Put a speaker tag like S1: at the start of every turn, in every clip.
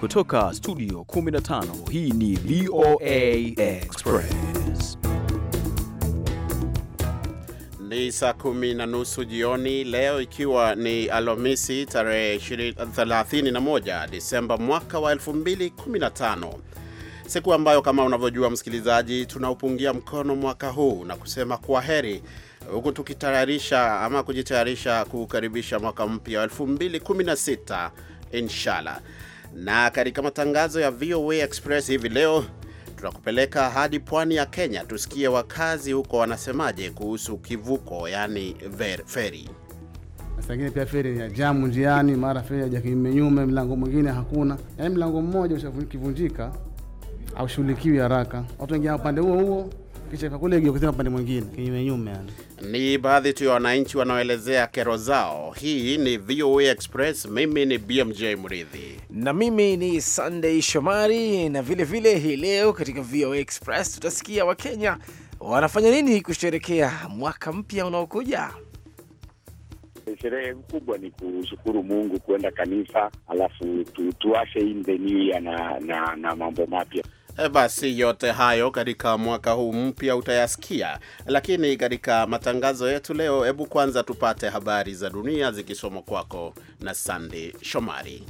S1: Kutoka studio
S2: 15 hii ni VOA
S3: Express.
S2: Ni saa kumi na nusu jioni leo, ikiwa ni Alhamisi tarehe 31 Disemba mwaka wa 2015, siku ambayo kama unavyojua msikilizaji, tunaupungia mkono mwaka huu na kusema kwa heri huku tukitayarisha ama kujitayarisha kukaribisha mwaka mpya wa 2016 inshallah. Na katika matangazo ya VOA Express hivi leo tunakupeleka hadi pwani ya Kenya tusikie wakazi huko wanasemaje kuhusu kivuko, yani feri. Sangine pia feri ya jamu njiani, mara feri kimenyume, mlango mwingine hakuna, yaani mlango mmoja ushakivunjika haushughulikiwi haraka, watu wengine upande huo huo kisha kakule kusema pande mwingine kinyume nyume. Ni baadhi tu ya wananchi wanaoelezea kero zao. Hii ni VOA Express. Mimi ni BMJ Mridhi
S4: na mimi ni Sunday Shomari, na vile vile hii leo katika VOA Express tutasikia Wakenya wanafanya nini kusherekea mwaka mpya unaokuja.
S3: Sherehe kubwa ni kushukuru Mungu, kuenda kanisa, alafu tuwashe in the new year na, na, na
S2: mambo mapya. Eh, basi yote hayo katika mwaka huu mpya utayasikia, lakini katika matangazo yetu leo, hebu kwanza tupate habari za dunia zikisomwa kwako na Sandi Shomari.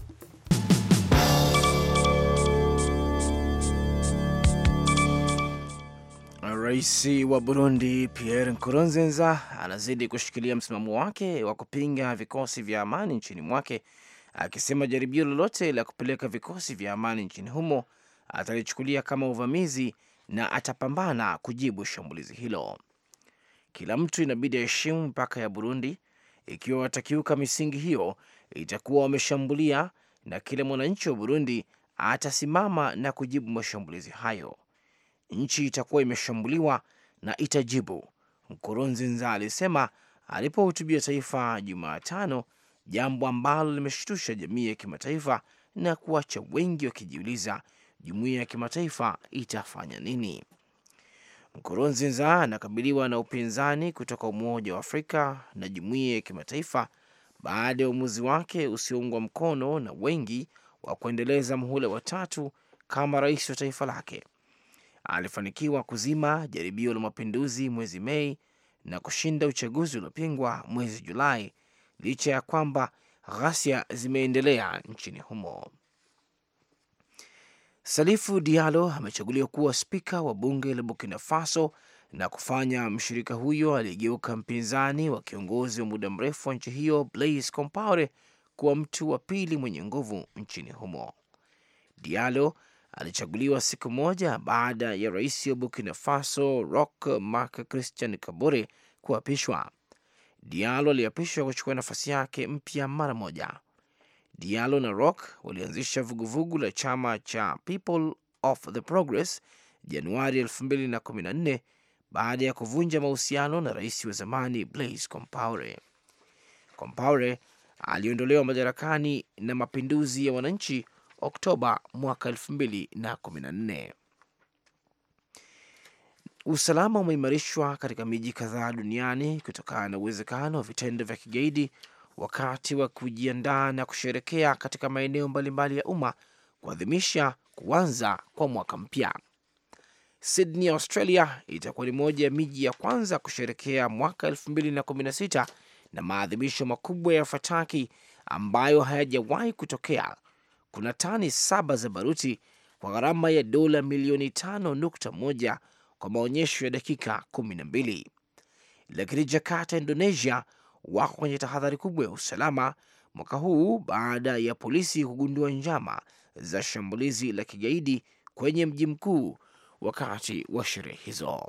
S4: Rais wa Burundi Pierre Nkurunziza anazidi kushikilia msimamo wake wa kupinga vikosi vya amani nchini mwake, akisema jaribio lolote la kupeleka vikosi vya amani nchini humo atalichukulia kama uvamizi na atapambana kujibu shambulizi hilo. Kila mtu inabidi aheshimu mpaka ya Burundi. Ikiwa watakiuka misingi hiyo, itakuwa wameshambulia, na kila mwananchi wa Burundi atasimama na kujibu mashambulizi hayo. Nchi itakuwa imeshambuliwa na itajibu, Nkurunziza alisema alipohutubia taifa Jumatano, jambo ambalo limeshtusha jamii ya kimataifa na kuacha wengi wakijiuliza jumuiya ya kimataifa itafanya nini? Nkurunziza anakabiliwa na upinzani kutoka Umoja wa Afrika na jumuiya ya kimataifa baada ya uamuzi wake usioungwa mkono na wengi wa kuendeleza muhula wa tatu kama rais wa taifa lake. Alifanikiwa kuzima jaribio la mapinduzi mwezi Mei na kushinda uchaguzi uliopingwa mwezi Julai licha ya kwamba ghasia zimeendelea nchini humo. Salifu dialo amechaguliwa kuwa spika wa bunge la Burkina Faso na kufanya mshirika huyo aliyegeuka mpinzani wa kiongozi wa muda mrefu wa nchi hiyo Blaise Compaore kuwa mtu wa pili mwenye nguvu nchini humo. dialo alichaguliwa siku moja baada ya rais wa Burkina Faso Roch Marc Christian Kabore kuapishwa. dialo aliapishwa kuchukua nafasi yake mpya mara moja. Diallo na Rock walianzisha vuguvugu la chama cha People of the Progress Januari 2014 baada ya kuvunja mahusiano na rais wa zamani Blaise Compaore. Compaore aliondolewa madarakani na mapinduzi ya wananchi Oktoba mwaka 2014. Usalama umeimarishwa katika miji kadhaa duniani kutokana na uwezekano wa vitendo vya kigaidi wakati wa kujiandaa na kusherekea katika maeneo mbalimbali ya umma kuadhimisha kuanza kwa mwaka mpya. Sydney, Australia itakuwa ni moja ya miji ya kwanza kusherekea mwaka 2016 na maadhimisho makubwa ya fataki ambayo hayajawahi kutokea. Kuna tani saba za baruti kwa gharama ya dola milioni 5.1 kwa maonyesho ya dakika 12. Lakini Jakarta, Indonesia wako kwenye tahadhari kubwa ya usalama mwaka huu baada ya polisi kugundua njama za shambulizi la kigaidi kwenye mji mkuu wakati wa sherehe hizo.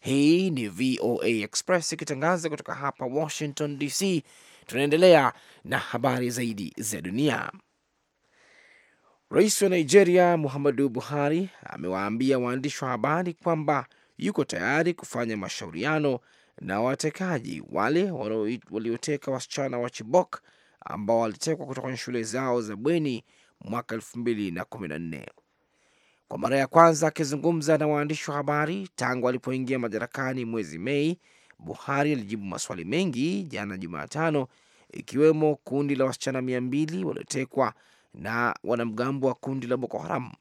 S4: Hii ni VOA Express ikitangaza kutoka hapa Washington DC. Tunaendelea na habari zaidi za dunia. Rais wa Nigeria Muhammadu Buhari amewaambia waandishi wa habari kwamba yuko tayari kufanya mashauriano na watekaji wale walioteka wasichana wa Chibok ambao walitekwa kutoka kwenye shule zao za bweni mwaka elfu mbili na kumi na nne. Kwa mara ya kwanza akizungumza na waandishi wa habari tangu alipoingia madarakani mwezi Mei, Buhari alijibu maswali mengi jana Jumatano, ikiwemo kundi la wasichana mia mbili waliotekwa na wanamgambo wa kundi la Boko Haram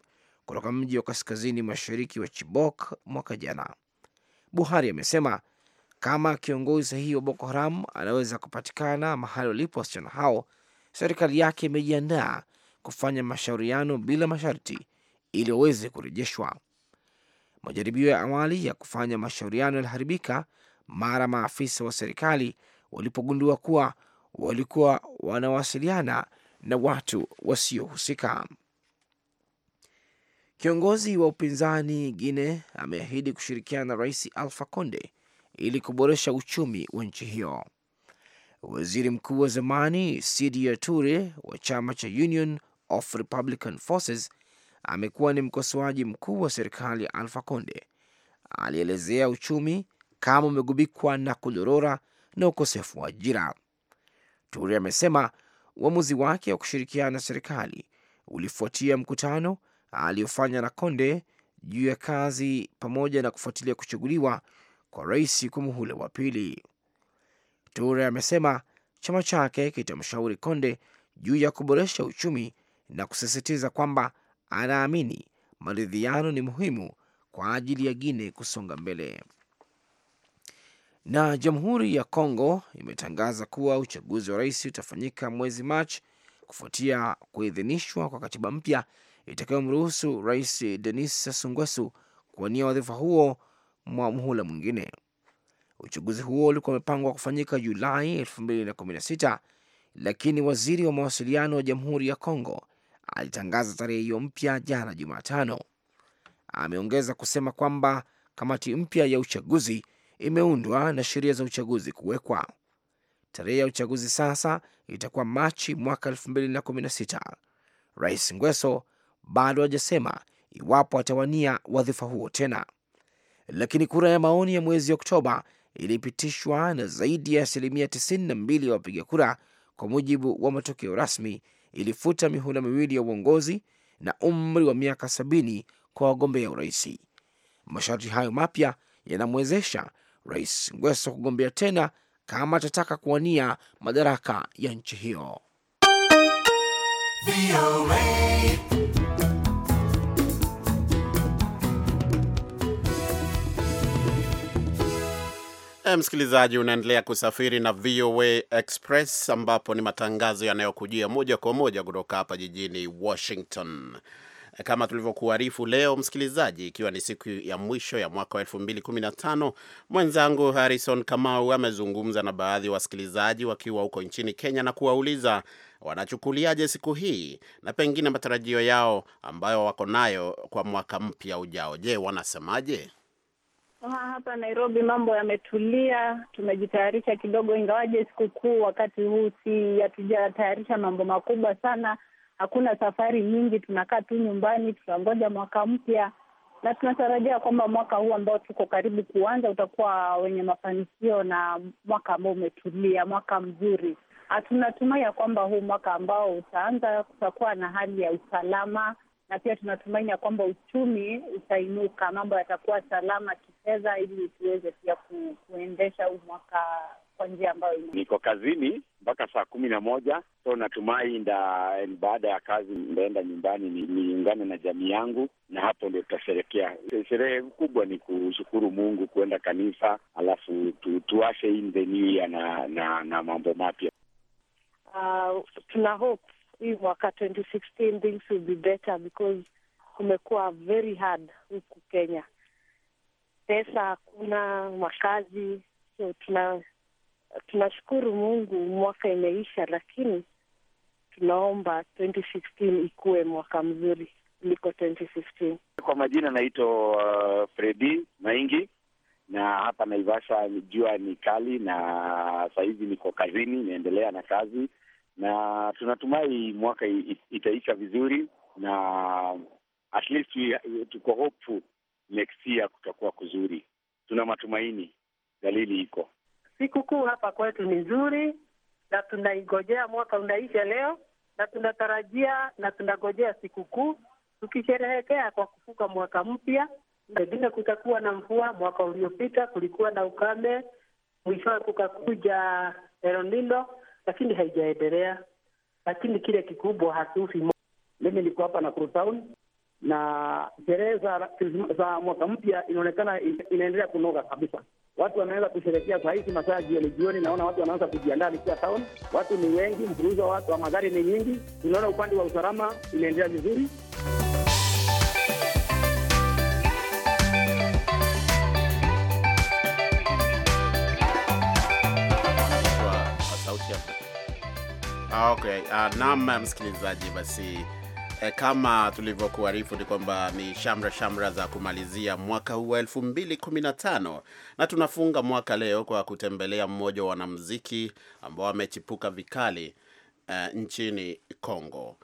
S4: kutoka mji wa kaskazini mashariki wa Chibok mwaka jana. Buhari amesema kama kiongozi sahihi wa Boko Haram anaweza kupatikana mahali walipo wasichana hao, serikali yake imejiandaa kufanya mashauriano bila masharti ili waweze kurejeshwa. Majaribio ya awali ya kufanya mashauriano yaliharibika mara maafisa wa serikali walipogundua kuwa walikuwa wanawasiliana na watu wasiohusika. Kiongozi wa upinzani Guine ameahidi kushirikiana na Rais alfa Conde ili kuboresha uchumi wa nchi hiyo. Waziri mkuu wa zamani Sidia Ture wa chama cha Union of Republican Forces amekuwa ni mkosoaji mkuu wa serikali ya Conde. Alielezea uchumi kama umegubikwa na kudorora na ukosefu wa ajira. Ture amesema uamuzi wake wa kushirikiana na serikali ulifuatia mkutano aliyofanya na Konde juu ya kazi pamoja na kufuatilia kuchaguliwa kwa rais kwa muhula wa pili. Ture amesema chama chake kitamshauri Konde juu ya kuboresha uchumi na kusisitiza kwamba anaamini maridhiano ni muhimu kwa ajili ya Guine kusonga mbele. Na jamhuri ya Kongo imetangaza kuwa uchaguzi wa rais utafanyika mwezi Machi kufuatia kuidhinishwa kwa katiba mpya itakayomruhusu rais Denis Sassou Nguesso kuwania wadhifa huo mwa muhula mwingine. Uchaguzi huo ulikuwa umepangwa kufanyika Julai 2016 lakini waziri wa mawasiliano wa Jamhuri ya Kongo alitangaza tarehe hiyo mpya jana Jumatano. Ameongeza kusema kwamba kamati mpya ya uchaguzi imeundwa na sheria za uchaguzi kuwekwa. Tarehe ya uchaguzi sasa itakuwa Machi mwaka 2016. Rais Ngweso bado hajasema iwapo atawania wadhifa huo tena lakini kura ya maoni ya mwezi Oktoba ilipitishwa na zaidi ya asilimia 92 ya wapiga kura. Kwa mujibu wa matokeo rasmi, ilifuta mihula miwili ya uongozi na umri wa miaka 70 kwa wagombea uraisi. Masharti hayo mapya yanamwezesha Rais Ngweso kugombea tena kama atataka kuwania madaraka ya nchi hiyo.
S2: Eh, msikilizaji, unaendelea kusafiri na VOA Express ambapo ni matangazo yanayokujia moja kwa moja kutoka hapa jijini Washington. Eh, kama tulivyokuarifu leo, msikilizaji, ikiwa ni siku ya mwisho ya mwaka wa 2015 mwenzangu Harrison Kamau amezungumza na baadhi ya wa wasikilizaji wakiwa huko nchini Kenya na kuwauliza wanachukuliaje siku hii na pengine matarajio yao ambayo wako nayo kwa mwaka mpya ujao. Je, wanasemaje?
S5: Ah, hapa Nairobi mambo yametulia, tumejitayarisha kidogo, ingawaje sikukuu wakati huu si hatujatayarisha mambo makubwa sana. Hakuna safari nyingi, tunakaa tu nyumbani, tunangoja mwaka mpya, na tunatarajia kwamba mwaka huu ambao tuko karibu kuanza utakuwa wenye mafanikio na mwaka ambao umetulia, mwaka mzuri. Ah, tunatumai ya kwamba huu mwaka ambao utaanza kutakuwa na hali ya usalama na pia tunatumaini ya kwamba uchumi utainuka, mambo yatakuwa salama kifedha, ili tuweze pia ku, kuendesha huu mwaka kwa njia ambayo niko
S3: kazini mpaka saa kumi na moja so natumai nda baada ya kazi ndaenda nyumbani niungane ni na jamii yangu, na hapo ndio tutasherekea. Sherehe kubwa ni kushukuru Mungu, kuenda kanisa, alafu tu, tuashe in the new year na, na, na mambo mapya.
S5: Uh, tuna hope hii mwaka 2016 things will be better because kumekuwa very hard huku Kenya, pesa hakuna, makazi. So tuna tunashukuru Mungu mwaka imeisha, lakini tunaomba 2016 ikuwe mwaka mzuri kuliko 2015.
S3: Kwa majina naitwa uh, Fredi Maingi na hapa Naivasha jua ni kali, na sahizi niko kazini, naendelea na kazi na tunatumai mwaka itaisha vizuri, na at least tuko hopeful next year kutakuwa kuzuri. Tuna matumaini, dalili iko.
S5: Sikukuu hapa kwetu ni nzuri, na tunaigojea mwaka unaisha leo, na tunatarajia na tunagojea sikukuu tukisherehekea kwa kufuka mwaka mpya. Pengine kutakuwa na mvua. Mwaka uliopita kulikuwa na ukame, mwishowe kukakuja El Nino lakini haijaendelea.
S3: Lakini kile kikubwa hatusi. Mimi niko hapa na Town na sherehe za, za mwaka mpya inaonekana inaendelea kunoga kabisa. Watu wanaweza kusherekea saa hizi masaa jioni jioni, naona watu wanaanza kujiandaa likia town. Watu ni wengi, wa watu wa magari ni nyingi. Tunaona upande wa usalama inaendelea vizuri.
S2: Ah, okay. Uh, naam msikilizaji, basi eh, kama tulivyokuarifu ni kwamba ni shamra shamra za kumalizia mwaka huu wa 2015 na tunafunga mwaka leo kwa kutembelea mmoja wa wanamuziki ambao amechipuka vikali uh,
S4: nchini Kongo.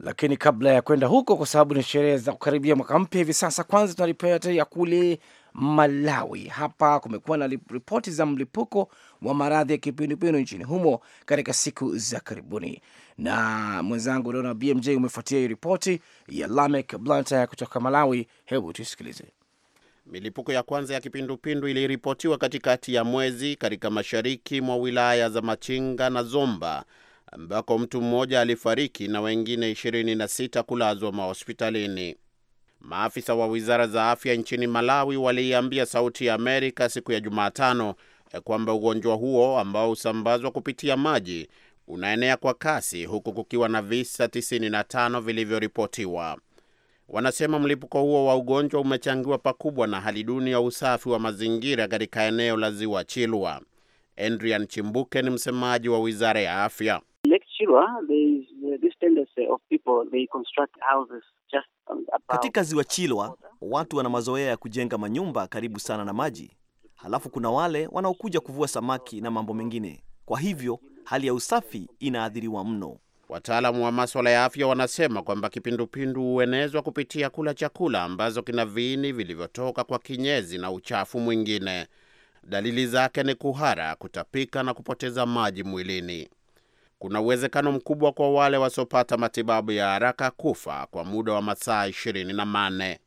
S4: Lakini kabla ya kwenda huko, kwa sababu ni sherehe za kukaribia mwaka mpya hivi sasa, kwanza tunaripoti ya kule Malawi. Hapa kumekuwa na ripoti za mlipuko wa maradhi ya kipindupindu nchini humo katika siku za karibuni, na mwenzangu unaona BMJ umefuatia hii ripoti ya Lamek Blanta kutoka Malawi. Hebu tusikilize. Milipuko ya kwanza ya kipindupindu
S2: iliripotiwa katikati ya mwezi katika mashariki mwa wilaya za Machinga na Zomba ambako mtu mmoja alifariki na wengine 26 kulazwa mahospitalini. Maafisa wa wizara za afya nchini Malawi waliiambia Sauti ya Amerika siku ya Jumatano eh, kwamba ugonjwa huo ambao husambazwa kupitia maji unaenea kwa kasi huku kukiwa na visa 95 vilivyoripotiwa. Wanasema mlipuko huo wa ugonjwa umechangiwa pakubwa na hali duni ya usafi wa mazingira katika eneo la Ziwa Chilwa. Adrian Chimbuke ni msemaji wa wizara ya afya.
S6: Lake Chilwa, there is uh, this tendency of they construct houses just
S2: about. Katika ziwa
S1: Chilwa watu wana mazoea ya kujenga manyumba karibu sana na maji, halafu kuna wale
S2: wanaokuja kuvua samaki na mambo mengine. Kwa hivyo hali ya usafi inaathiriwa mno. Wataalamu wa maswala ya afya wanasema kwamba kipindupindu huenezwa kupitia kula chakula ambazo kina viini vilivyotoka kwa kinyezi na uchafu mwingine. Dalili zake ni kuhara, kutapika na kupoteza maji mwilini kuna uwezekano mkubwa kwa wale wasiopata matibabu ya haraka kufa kwa muda wa masaa ishirini na manne.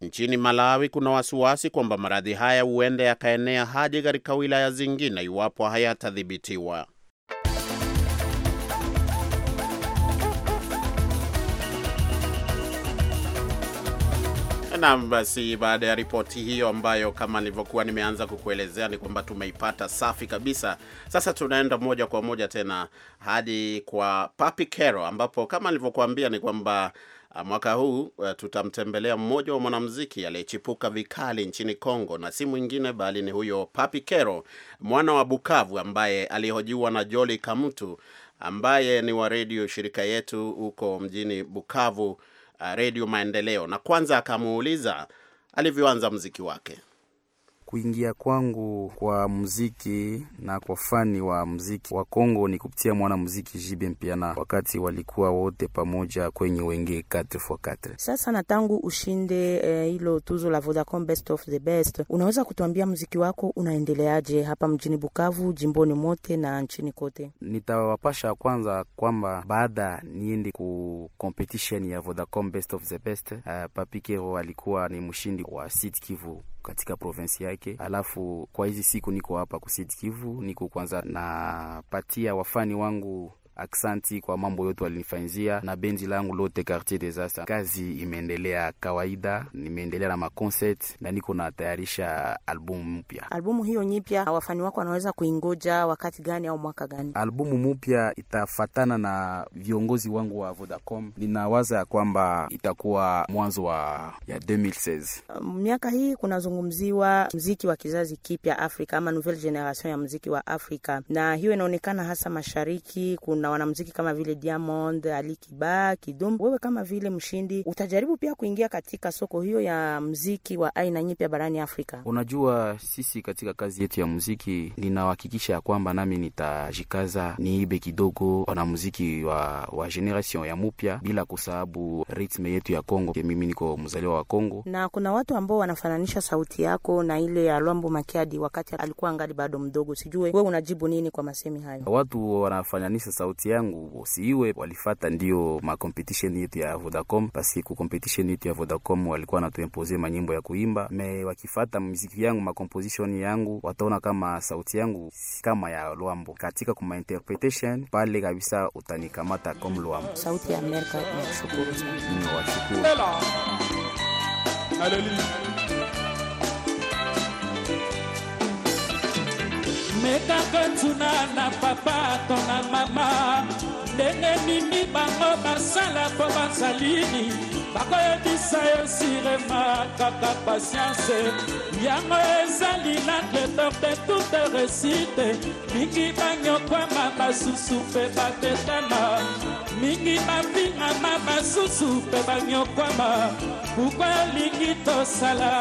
S2: Nchini Malawi kuna wasiwasi kwamba maradhi haya huenda yakaenea hadi katika wilaya zingine iwapo hayatadhibitiwa. Naam, basi baada ya ripoti hiyo ambayo kama nilivyokuwa nimeanza kukuelezea ni kwamba tumeipata safi kabisa. Sasa tunaenda moja kwa moja tena hadi kwa Papi Kero, ambapo kama nilivyokuambia ni kwamba uh, mwaka huu uh, tutamtembelea mmoja wa mwanamuziki aliyechipuka vikali nchini Kongo, na si mwingine bali ni huyo Papi Kero, mwana wa Bukavu, ambaye alihojiwa na Joli Kamutu ambaye ni wa redio shirika yetu huko mjini Bukavu Uh, Redio Maendeleo, na kwanza akamuuliza alivyoanza mziki wake.
S1: Kuingia kwangu kwa muziki na kwa fani wa muziki wa Kongo ni kupitia mwana muziki Jibe Mpiana, wakati walikuwa wote pamoja kwenye Wenge 4x4.
S7: Sasa na tangu ushinde eh, hilo eh, tuzo la Vodacom Best of the Best, unaweza kutuambia muziki wako unaendeleaje hapa mjini Bukavu, jimboni mote na nchini kote?
S1: Nitawapasha kwanza kwamba baada niende ku competition ya Vodacom Best of the Best, uh, eh, Papikero alikuwa ni mshindi wa Sud Kivu katika provensi yake. Alafu kwa hizi siku niko hapa Kusini niko kwanza napatia wafani wangu Aksanti kwa mambo yote walinifanyizia na bendi langu lote Quartier Astres. Kazi imeendelea kawaida, nimeendelea na maconcert na niko natayarisha albumu mpya.
S7: Albumu hiyo nyipya, wafani wako wanaweza kuingoja wakati gani au mwaka gani?
S1: Albumu mpya itafatana na viongozi wangu wa Vodacom, ninawaza ya kwamba itakuwa mwanzo wa ya 2016.
S7: Um, miaka hii kunazungumziwa mziki wa kizazi kipya Afrika ama nouvelle generation ya mziki wa Afrika, na hiyo inaonekana hasa mashariki kuna na wanamuziki kama vile Diamond, Ali Kiba, Kidum. Wewe kama vile mshindi utajaribu pia kuingia katika soko hiyo ya mziki wa aina nyipya barani Afrika.
S1: Unajua, sisi katika kazi yetu ya muziki ninahakikisha ya kwamba nami nitajikaza niibe kidogo wanamuziki wa, wa generation ya mupya bila kusababu ritme yetu ya Kongo. Mimi niko mzaliwa wa Kongo,
S7: na kuna watu ambao wanafananisha sauti yako na ile ya Lwambo Makiadi wakati alikuwa angali bado mdogo. Sijue wewe unajibu nini kwa masemi hayo?
S1: Watu wanafananisha sauti sauti yangu wasiiwe walifata, ndio competition yetu ya Vodacom, paski ku competition yetu ya Vodacom walikuwa natuimpose manyimbo ya kuimba me, wakifata muziki yangu composition yangu wataona kama sauti yangu kama ya Lwambo katika kuma interpretation pale kabisa, utanikamata
S7: kom Lwambo. Sauti ya Amerika, washukuru.
S2: mekaka ntuna na papa to na mama ndenge nini bango basala mpo bazalini bakoyebisa yo sirema kaka pasianse yango ezali l'entretor de toute resite mingi banyokwama basusu mpe batetana
S1: mingi bavingama basusu mpe banyokwama bukwa olingi
S2: tosala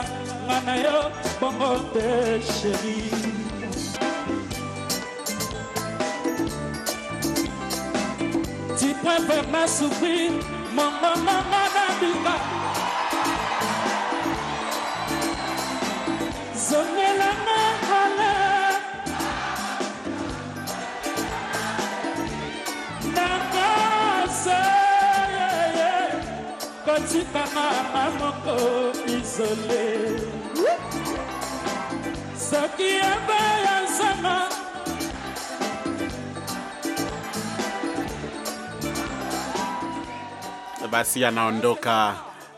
S2: nga na yo bongo te sheri
S8: pepe masubiri mongonongo na duka zongelanga hala
S2: nakasa kotikanga mamoko
S1: izole soki yaba
S2: basi anaondoka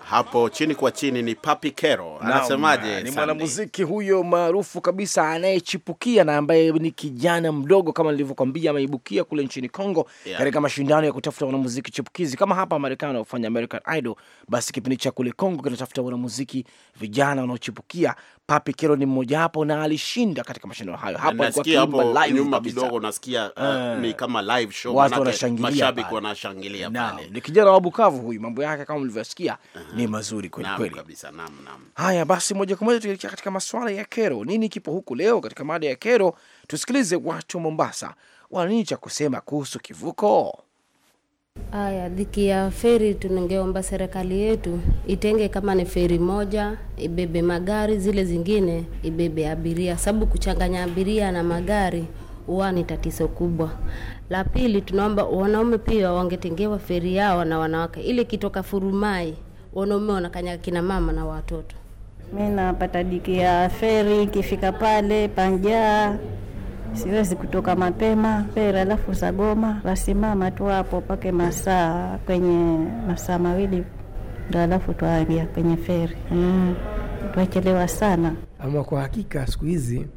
S2: hapo chini kwa chini. Ni Papi Kero anasemaje? Ni mwanamuziki
S4: huyo maarufu kabisa anayechipukia na ambaye ni kijana mdogo kama nilivyokwambia, ameibukia kule nchini Kongo yeah, katika mashindano ya kutafuta wanamuziki chipukizi kama hapa Marekani wanaofanya American Idol, basi kipindi cha kule Kongo kinatafuta wanamuziki vijana wanaochipukia, Papi Kero ni mmoja hapo na alishinda katika mashindano hayo. Hapo alikuwa kwa live nyuma
S2: kidogo, nasikia uh, eh. ni kama live show, watu wanashangilia, mashabiki
S4: wanashangilia pale. Ni kijana wa Bukavu huyu, mambo yake kama mlivyosikia uh -huh. ni mazuri kweli kweli kabisa. Naam, naam. Haya basi, moja kwa moja tuelekea katika masuala ya kero, nini kipo huku leo katika mada ya kero, tusikilize watu wa Mombasa wana nini cha kusema kuhusu kivuko.
S7: Aya, dhiki ya feri tunangeomba serikali yetu itenge kama ni feri moja ibebe magari, zile zingine ibebe abiria, sababu kuchanganya abiria na magari huwa ni tatizo kubwa. La pili, tunaomba wanaume pia wangetengewa feri yao na wanawake, ili kitoka Furumai wanaume wanakanya kina mama na watoto. Mi napata dhiki ya feri, ikifika pale panjaa siwezi kutoka mapema pera, alafu zagoma wasimama tu hapo pake masaa kwenye masaa mawili ndo alafu twaambia kwenye feri
S9: mm, twachelewa sana. Ama kwa hakika siku hizi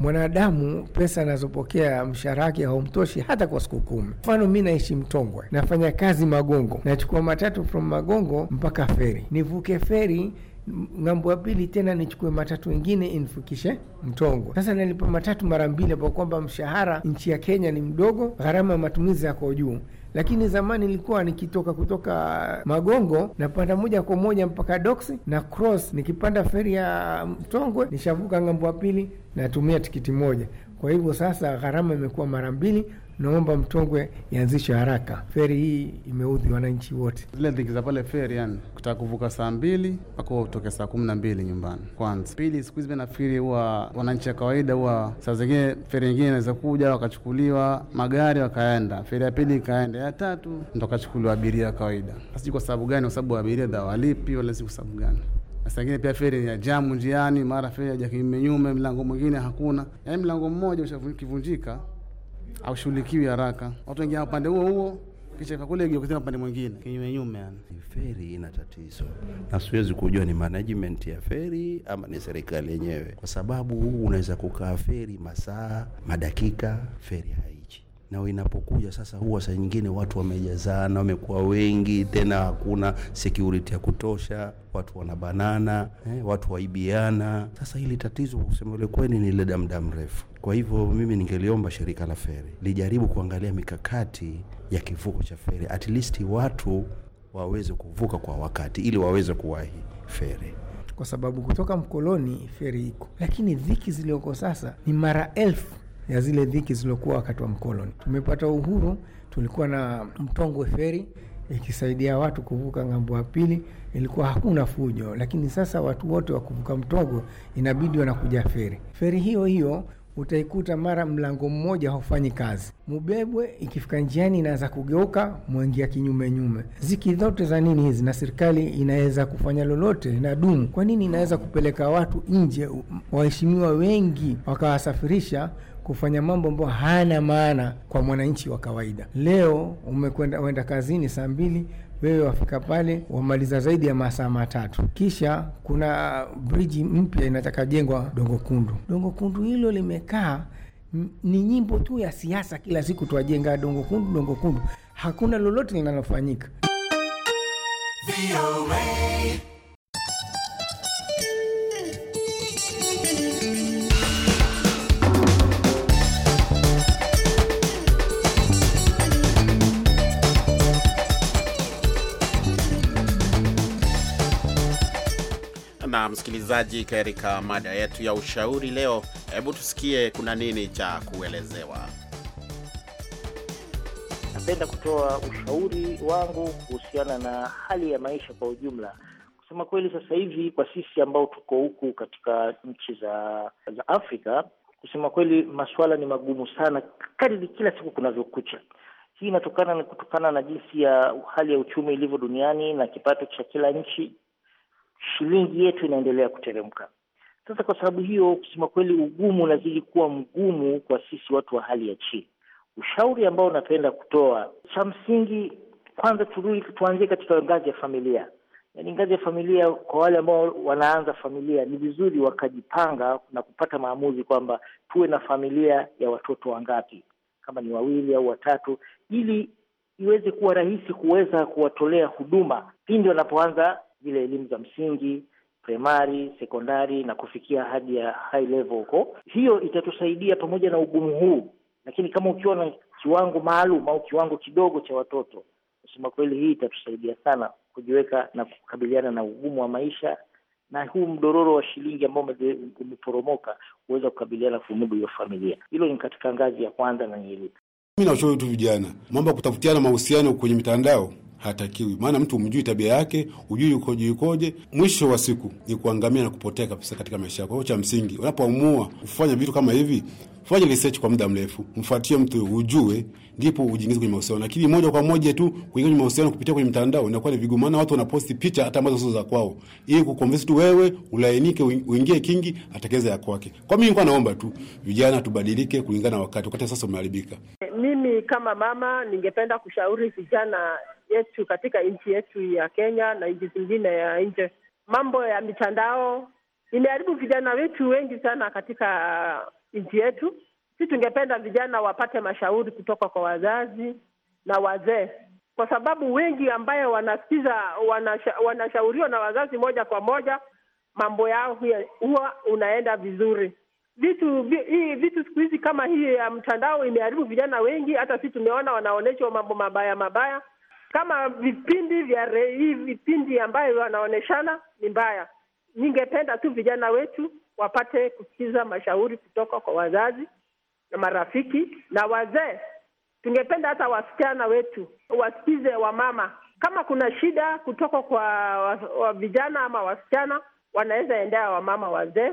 S9: mwanadamu pesa anazopokea mshahara wake haumtoshi hata kwa siku kumi. Mfano, mi naishi Mtongwe, nafanya kazi Magongo, nachukua matatu from Magongo mpaka feri, nivuke feri ng'ambo ya pili tena nichukue matatu wengine inifikishe Mtongwe. Sasa nalipa matatu mara mbili, kwa kwamba mshahara nchi ya Kenya ni mdogo, gharama ya matumizi yako juu lakini zamani nilikuwa nikitoka kutoka Magongo napanda moja kwa moja mpaka Docks na Cross, nikipanda feri ya Mtongwe nishavuka ng'ambo ya pili, natumia tikiti moja. Kwa hivyo sasa gharama imekuwa mara mbili, naomba Mtongwe ianzishwe haraka. Feri hii imeudhi wananchi wote,
S2: zile dhiki za pale feri, yani kutaka kuvuka saa mbili mpaka utoke saa kumi na mbili nyumbani kwanza. Pili, siku hizi nafikiri huwa wananchi wa kawaida huwa saa zingine feri nyingine inaweza kuja wakachukuliwa magari wakaenda, feri ya pili ikaenda, ya tatu ndo akachukuliwa abiria wa kawaida. Sijui kwa sababu gani, kwa sababu abiria hawalipi wala si kwa sababu gani Sangine pia feri ya jamu njiani, mara feri ya kinyume mlango mwingine hakuna, yaani mlango mmoja ukivunjika haushughulikiwi haraka, watu wengine upande huo huo kisha kakule geukia upande mwingine kinyume nyume. Yani feri ina tatizo, na
S1: siwezi kujua ni management ya feri ama ni serikali yenyewe, kwa sababu huu unaweza kukaa feri masaa madakika, feri haiji, na inapokuja sasa, huwa saa nyingine watu wamejazana, wamekuwa wengi, tena hakuna security ya kutosha, watu wanabanana
S2: eh, watu waibiana. Sasa hili tatizo kusema kweli ni ile muda mrefu kwa hivyo mimi ningeliomba shirika la feri lijaribu kuangalia mikakati ya kivuko cha feri, at least watu waweze kuvuka kwa wakati ili waweze kuwahi feri
S9: kwa sababu kutoka mkoloni feri iko, lakini dhiki zilioko sasa ni mara elfu ya zile dhiki ziliokuwa wakati wa mkoloni. Tumepata uhuru, tulikuwa na mtongwe feri ikisaidia watu kuvuka ng'ambo ya pili, ilikuwa hakuna fujo, lakini sasa watu wote wa kuvuka mtongo inabidi wanakuja feri. Feri hiyo hiyo utaikuta mara mlango mmoja haufanyi kazi. Mubebwe ikifika njiani inaweza kugeuka, mwengia kinyume nyume. Ziki zote za nini hizi? Na serikali inaweza kufanya lolote na dumu? Kwa nini inaweza kupeleka watu nje, waheshimiwa wengi wakawasafirisha kufanya mambo ambayo hayana maana kwa mwananchi wa kawaida? Leo umekwenda kazini saa mbili wewe wafika pale wamaliza zaidi ya masaa matatu. Kisha kuna briji mpya inataka jengwa Dongo Kundu. Dongo Kundu hilo limekaa ni nyimbo tu ya siasa, kila siku twajenga Dongo Kundu, Dongo Kundu, hakuna lolote linalofanyika.
S2: msikilizaji, katika mada yetu ya ushauri leo, hebu tusikie kuna nini cha kuelezewa.
S6: Napenda kutoa ushauri wangu kuhusiana na hali ya maisha kwa ujumla. Kusema kweli, sasa hivi kwa sisi ambao tuko huku katika nchi za za Afrika, kusema kweli, masuala ni magumu sana kadri kila siku kunavyokucha. Hii inatokana ni kutokana na jinsi ya hali ya uchumi ilivyo duniani na kipato cha kila nchi shilingi yetu inaendelea kuteremka. Sasa kwa sababu hiyo, kusema kweli, ugumu unazidi kuwa mgumu kwa sisi watu wa hali ya chini. Ushauri ambao napenda kutoa, cha msingi, kwanza turudi, tuanzie katika ngazi ya familia, yaani ngazi ya familia. Kwa wale ambao wanaanza familia, ni vizuri wakajipanga na kupata maamuzi kwamba tuwe na familia ya watoto wangapi, kama ni wawili au watatu, ili iweze kuwa rahisi kuweza kuwatolea huduma pindi wanapoanza zile elimu za msingi primari sekondari na kufikia hadi ya high level huko. Hiyo itatusaidia pamoja na ugumu huu, lakini kama ukiwa na kiwango maalum au kiwango kidogo cha watoto, kusema kweli, hii itatusaidia sana kujiweka na kukabiliana na ugumu wa maisha na huu mdororo wa shilingi ambao umeporomoka huweza kukabiliana kumudu hiyo familia. Hilo ni katika ngazi ya kwanza na nyingine.
S2: mi nashauri tu vijana, mambo ya kutafutiana mahusiano kwenye mitandao hatakiwi, maana mtu umjui tabia yake, ujui ukoje ukoje, Mwisho wa siku ni kuangamia na kupotea kabisa katika maisha yako. Kwa hiyo cha msingi, unapoamua kufanya vitu kama hivi, fanya research kwa muda mrefu, mfuatie mtu ujue, ndipo ujiingize kwenye mahusiano. Lakini moja kwa moja tu kuingia kwenye mahusiano kupitia kwenye mtandao inakuwa ni vigumu, maana watu wanaposti picha hata ambazo sio za kwao, ili kukonvince tu wewe ulainike, uingie kingi, atakeza ya kwake. Kwa mimi nilikuwa naomba tu vijana tubadilike kulingana na wakati, wakati sasa umeharibika.
S5: Mimi kama mama ningependa kushauri vijana yetu katika nchi yetu ya Kenya na nchi zingine ya nje. Mambo ya mitandao imeharibu vijana wetu wengi sana katika nchi yetu. Si tungependa vijana wapate mashauri kutoka kwa wazazi na wazee, kwa sababu wengi ambayo wanasikiza wanasha, wanashauriwa na wazazi moja kwa moja, mambo yao huwa unaenda vizuri. Vitu hii vitu siku hizi kama hii ya mtandao imeharibu vijana wengi. Hata si tumeona wanaonyeshwa mambo mabaya mabaya, kama vipindi vya rei, vipindi ambayo wanaonyeshana ni mbaya. Ningependa tu vijana wetu wapate kusikiza mashauri kutoka kwa wazazi na marafiki na wazee. Tungependa hata wasichana wetu wasikize wamama, kama kuna shida kutoka kwa wa vijana ama wasichana wanaweza endea wamama wazee,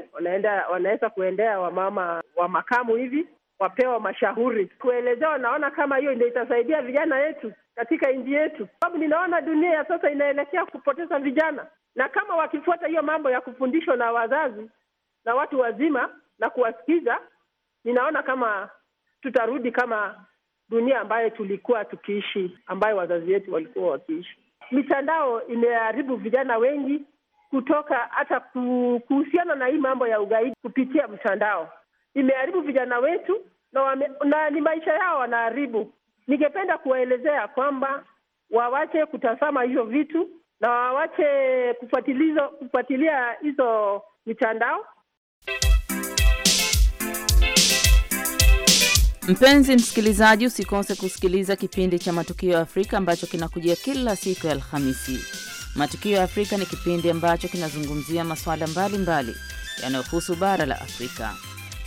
S5: wanaweza kuendea wamama wa makamu hivi wapewa mashauri kuelezewa. Naona kama hiyo ndio itasaidia vijana wetu katika nchi yetu, sababu ninaona dunia ya sasa inaelekea kupoteza vijana, na kama wakifuata hiyo mambo ya kufundishwa na wazazi na watu wazima na kuwasikiza, ninaona kama tutarudi kama dunia ambayo tulikuwa tukiishi, ambayo wazazi wetu walikuwa wakiishi. Mitandao imeharibu vijana wengi kutoka hata kuhusiana na hii mambo ya ugaidi kupitia mtandao imeharibu vijana wetu na, wame, na ni maisha yao wanaharibu. Ningependa kuwaelezea kwamba wawache kutazama hivyo vitu na wawache kufuatilia hizo mitandao.
S7: Mpenzi msikilizaji, usikose kusikiliza kipindi cha Matukio ya Afrika ambacho kinakujia kila siku ya Alhamisi. Matukio ya Afrika ni kipindi ambacho kinazungumzia masuala mbalimbali yanayohusu bara la Afrika.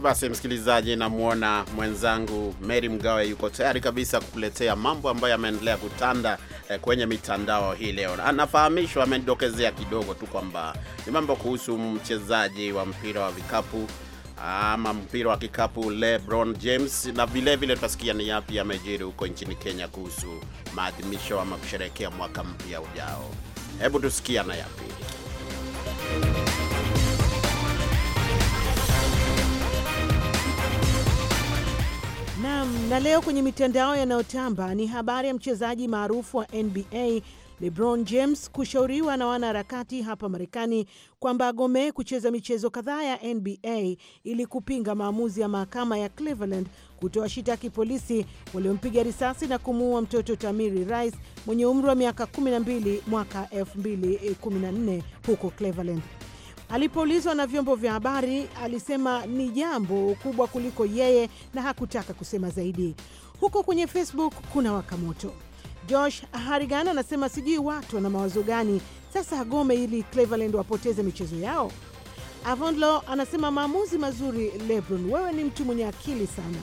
S2: Basi msikilizaji, namwona mwenzangu Mary Mgawe yuko tayari kabisa kukuletea mambo ambayo yameendelea kutanda eh, kwenye mitandao hii leo. Anafahamishwa, amenidokezea kidogo tu kwamba ni mambo kuhusu mchezaji wa mpira wa vikapu ama mpira wa kikapu LeBron James, na vilevile tutasikia ni yapi yamejiri huko nchini Kenya kuhusu maadhimisho ama kusherehekea mwaka mpya ujao. Hebu tusikia na yapi.
S8: leo kwenye mitandao yanayotamba ni habari ya mchezaji maarufu wa NBA LeBron James kushauriwa na wanaharakati hapa Marekani kwamba agomee kucheza michezo kadhaa ya NBA ili kupinga maamuzi ya mahakama ya Cleveland kutoa shitaki polisi waliompiga risasi na kumuua mtoto Tamiri Rice mwenye umri wa miaka 12 mwaka 2014 huko Cleveland. Alipoulizwa na vyombo vya habari, alisema ni jambo kubwa kuliko yeye na hakutaka kusema zaidi. Huko kwenye Facebook kuna wakamoto Josh Harigan anasema sijui watu wana mawazo gani sasa agome ili Cleveland wapoteze michezo yao. Avonlo anasema maamuzi mazuri Lebron, wewe ni mtu mwenye akili sana.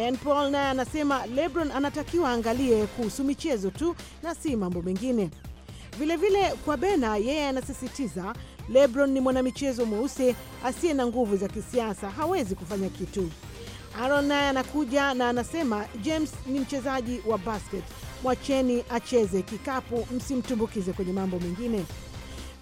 S8: Ian Paul naye anasema Lebron anatakiwa aangalie kuhusu michezo tu na si mambo mengine. Vilevile kwa Bena, yeye anasisitiza Lebron ni mwanamichezo mweusi asiye na nguvu za kisiasa, hawezi kufanya kitu. Aaron naye anakuja na anasema James ni mchezaji wa basket, mwacheni acheze kikapu, msimtumbukize kwenye mambo mengine.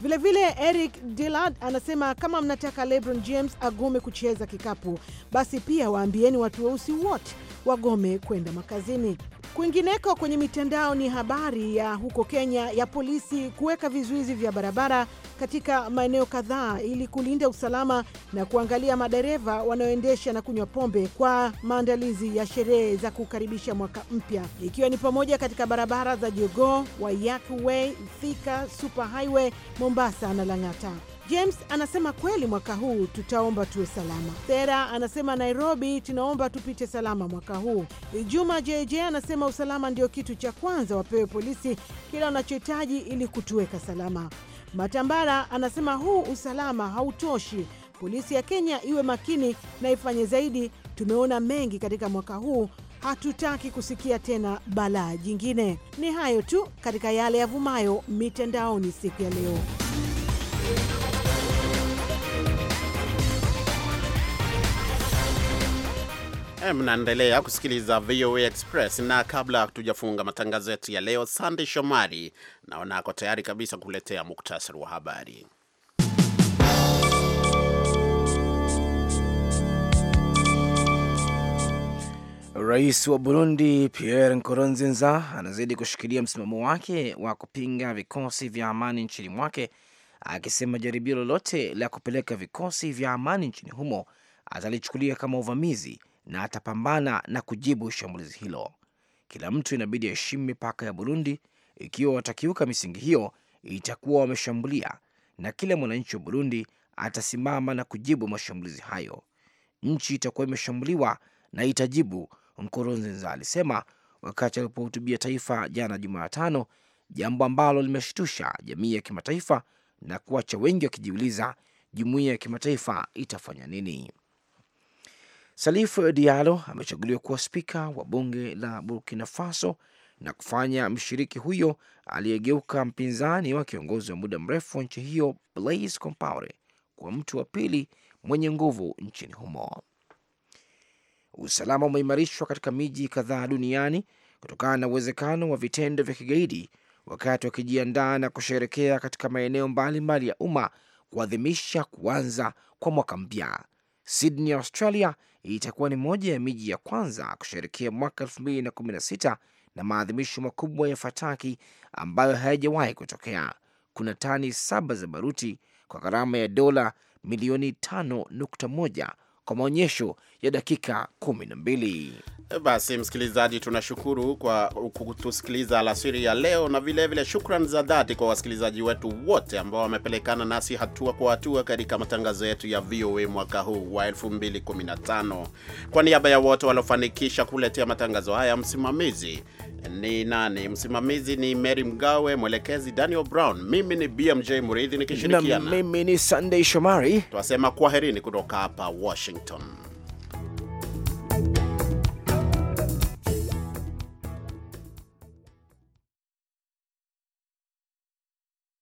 S8: Vilevile Eric Dillard anasema kama mnataka Lebron James agome kucheza kikapu, basi pia waambieni watu weusi wote wagome kwenda makazini. Kwingineko kwenye mitandao ni habari ya huko Kenya ya polisi kuweka vizuizi vya barabara katika maeneo kadhaa ili kulinda usalama na kuangalia madereva wanaoendesha na kunywa pombe kwa maandalizi ya sherehe za kukaribisha mwaka mpya, ikiwa ni pamoja katika barabara za Jogoo, wayakway Way, Thika Super Highway, Mombasa na Lang'ata. James anasema kweli, mwaka huu tutaomba tuwe salama. Sera anasema Nairobi, tunaomba tupite salama mwaka huu. Juma JJ anasema usalama ndio kitu cha kwanza, wapewe polisi kila wanachohitaji ili kutuweka salama. Matambara anasema huu usalama hautoshi, polisi ya Kenya iwe makini na ifanye zaidi. Tumeona mengi katika mwaka huu, hatutaki kusikia tena balaa jingine. Ni hayo tu katika yale yavumayo mitandaoni siku ya leo.
S2: Mnaendelea kusikiliza VOA Express, na kabla tujafunga matangazo yetu ya leo, Sande Shomari naona ako tayari kabisa kuletea muktasari wa habari.
S4: Rais wa Burundi Pierre Nkurunziza anazidi kushikilia msimamo wake wa kupinga vikosi vya amani nchini mwake, akisema jaribio lolote la kupeleka vikosi vya amani nchini humo atalichukulia kama uvamizi na atapambana na kujibu shambulizi hilo. Kila mtu inabidi aheshimu mipaka ya Burundi. Ikiwa watakiuka misingi hiyo, itakuwa wameshambulia, na kila mwananchi wa Burundi atasimama na kujibu mashambulizi hayo. Nchi itakuwa imeshambuliwa na itajibu, Nkurunziza alisema wakati alipohutubia taifa jana Jumatano, jambo ambalo limeshtusha jamii ya kimataifa na kuacha wengi wakijiuliza jumuiya ya kimataifa itafanya nini salifu Diallo amechaguliwa kuwa spika wa bunge la Burkina Faso na kufanya mshiriki huyo aliyegeuka mpinzani wa kiongozi wa muda mrefu wa nchi hiyo Blaise Compaore kuwa mtu wa pili mwenye nguvu nchini humo. Usalama umeimarishwa katika miji kadhaa duniani kutokana na uwezekano wa vitendo vya kigaidi, wakati wakijiandaa na kusherekea katika maeneo mbalimbali ya umma kuadhimisha kuanza kwa mwaka mpya. Sydney, Australia itakuwa ni moja ya miji ya kwanza kusherekea mwaka 2016 na, na maadhimisho makubwa ya fataki ambayo hayajawahi kutokea. Kuna tani saba za baruti kwa gharama ya dola milioni 5.1 kwa maonyesho ya dakika kumi na mbili.
S2: Basi msikilizaji, tunashukuru kwa kutusikiliza alasiri ya leo, na vilevile shukrani za dhati kwa wasikilizaji wetu wote ambao wamepelekana nasi hatua kwa hatua katika matangazo yetu ya VOA mwaka huu wa 2015. Kwa niaba ya wote waliofanikisha kuletea matangazo haya, msimamizi ni nani? Msimamizi ni Mary Mgawe, mwelekezi Daniel Brown, mimi ni BMJ Murithi nikishirikiana,
S4: mimi ni Sunday Shomari.
S2: Twasema kwaherini kutoka hapa Washington.